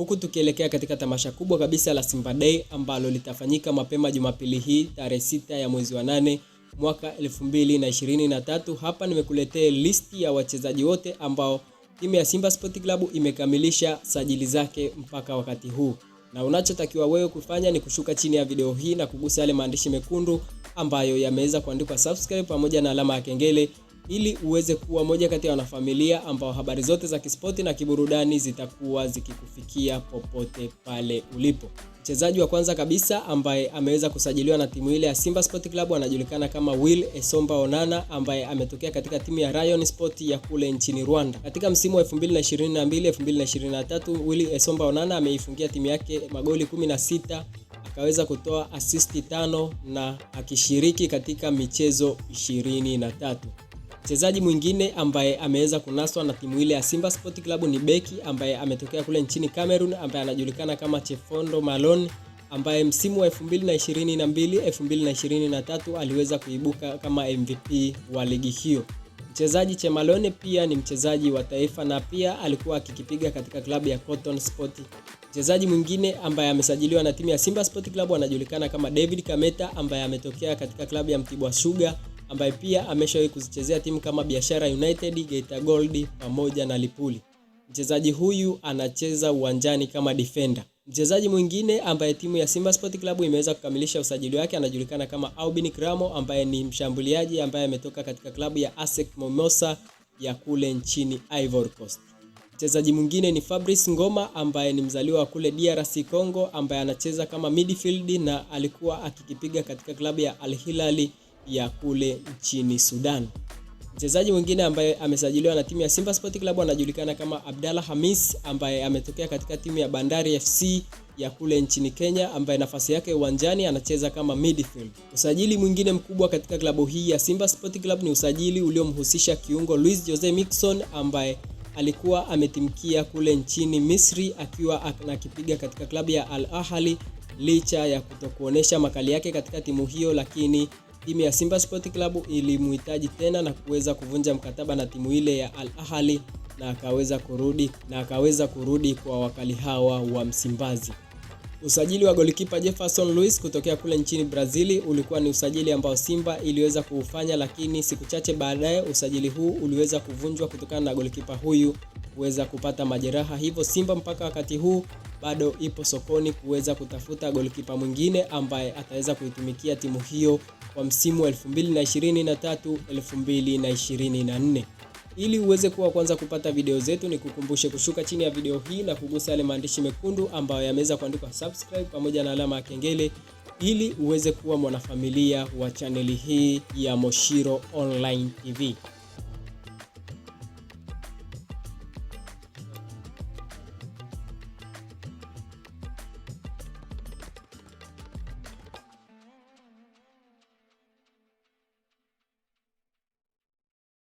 huku tukielekea katika tamasha kubwa kabisa la Simba Day ambalo litafanyika mapema Jumapili hii tarehe sita ya mwezi wa nane mwaka 2023. Hapa nimekuletea listi ya wachezaji wote ambao timu ya Simba Sport Club imekamilisha sajili zake mpaka wakati huu, na unachotakiwa wewe kufanya ni kushuka chini ya video hii na kugusa yale maandishi mekundu ambayo yameweza kuandikwa subscribe pamoja na alama ya kengele ili uweze kuwa moja kati ya wanafamilia ambao habari zote za kispoti na kiburudani zitakuwa zikikufikia popote pale ulipo. Mchezaji wa kwanza kabisa ambaye ameweza kusajiliwa na timu ile ya Simba Sport Club anajulikana kama Will Esomba Onana ambaye ametokea katika timu ya Rayon Sport ya kule nchini Rwanda. Katika msimu wa 2022 2023, Will Esomba Onana ameifungia timu yake magoli 16 akaweza kutoa asisti tano na akishiriki katika michezo 23. Mchezaji mwingine ambaye ameweza kunaswa na timu ile ya Simba Sport Club ni beki ambaye ametokea kule nchini Cameroon ambaye anajulikana kama Chefondo Malone ambaye msimu wa 2022 2023 aliweza kuibuka kama MVP wa ligi hiyo. Mchezaji Chemalone pia ni mchezaji wa taifa na pia alikuwa akikipiga katika klabu ya Cotton Sport. Mchezaji mwingine ambaye amesajiliwa na timu ya Simba Sport Club anajulikana kama David Kameta ambaye ametokea katika klabu ya Mtibwa Sugar ambaye pia ameshawahi kuzichezea timu kama Biashara United, Geita Gold pamoja na Lipuli. Mchezaji huyu anacheza uwanjani kama defender. Mchezaji mwingine ambaye timu ya Simba Sport Club imeweza kukamilisha usajili wake anajulikana kama Aubin Kramo ambaye ni mshambuliaji ambaye ametoka katika klabu ya ASEC Mimosa ya kule nchini Ivory Coast. Mchezaji mwingine ni Fabrice Ngoma ambaye ni mzaliwa wa kule DRC Congo ambaye anacheza kama midfield na alikuwa akikipiga katika klabu ya Al Hilali ya kule nchini Sudan. Mchezaji mwingine ambaye amesajiliwa na timu ya Simba Sport Club anajulikana kama Abdalla Hamis ambaye ametokea katika timu ya Bandari FC ya kule nchini Kenya ambaye nafasi yake uwanjani anacheza kama midfield. Usajili mwingine mkubwa katika klabu hii ya Simba Sport Club ni usajili uliomhusisha kiungo Luis Jose Mixon ambaye alikuwa ametimkia kule nchini Misri akiwa anakipiga katika klabu ya Al Ahly licha ya kutokuonesha makali yake katika timu hiyo, lakini timu ya Simba Sport Club ilimuhitaji tena na kuweza kuvunja mkataba na timu ile ya Al Ahly na akaweza kurudi na akaweza kurudi kwa wakali hawa wa Msimbazi. Usajili wa golikipa Jefferson Luis kutokea kule nchini Brazili ulikuwa ni usajili ambao Simba iliweza kuufanya, lakini siku chache baadaye usajili huu uliweza kuvunjwa kutokana na golikipa huyu kuweza kupata majeraha, hivyo Simba mpaka wakati huu bado ipo sokoni kuweza kutafuta golikipa mwingine ambaye ataweza kuitumikia timu hiyo kwa msimu wa 2023 2024. Ili uweze kuwa kwanza kupata video zetu, ni kukumbushe kushuka chini ya video hii na kugusa yale maandishi mekundu ambayo yameweza kuandikwa subscribe pamoja na alama ya kengele ili uweze kuwa mwanafamilia wa chaneli hii ya Moshiro Online TV.